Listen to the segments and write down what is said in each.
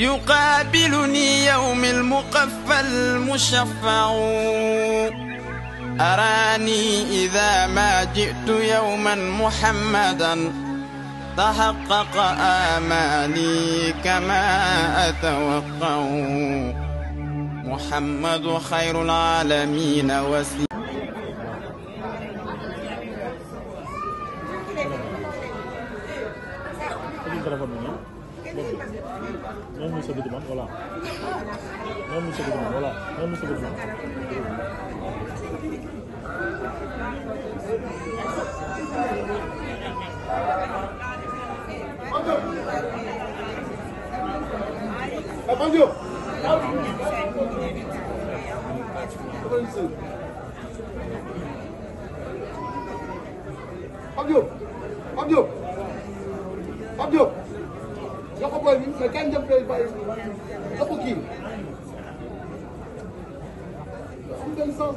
يقابلني يوم المقفى المشفع أراني إذا ما جئت يوما محمدا تحقق آمالي كما أتوقع محمد خير العالمين وسيم Voilà. Non, monsieur Goudron, voilà. Non, monsieur Goudron. Banjo! Banjo! Banjo! Banjo! koy bi mais kenn jëm day bàyyi ëpp kii am benn sens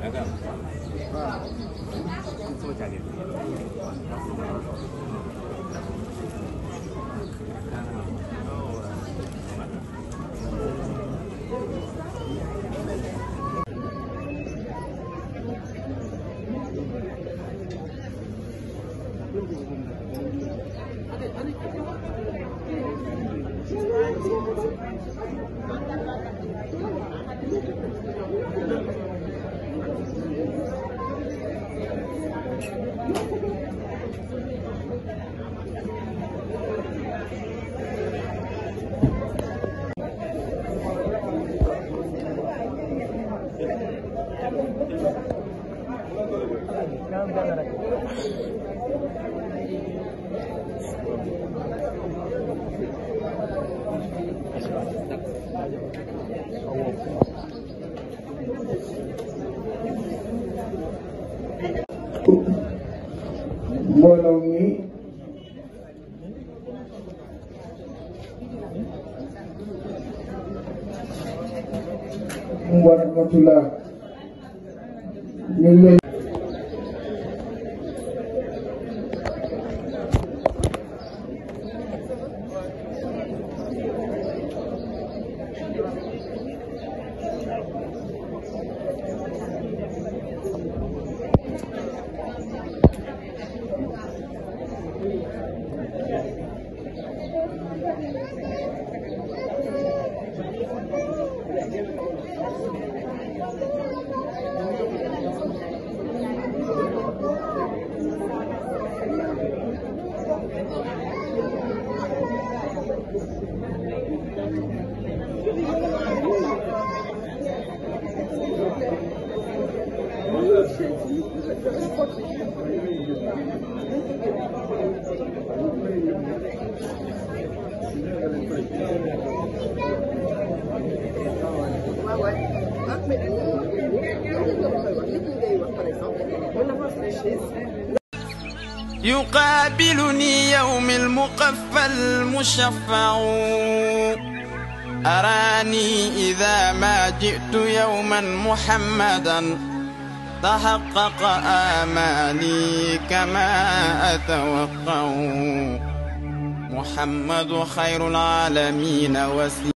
だからそうじゃねえ Gracias. mbooloo mi wa يقابلني يوم المقفى المشفع أراني إذا ما جئت يوما محمدا تحقق آماني كما أتوقع محمد خير العالمين وسيم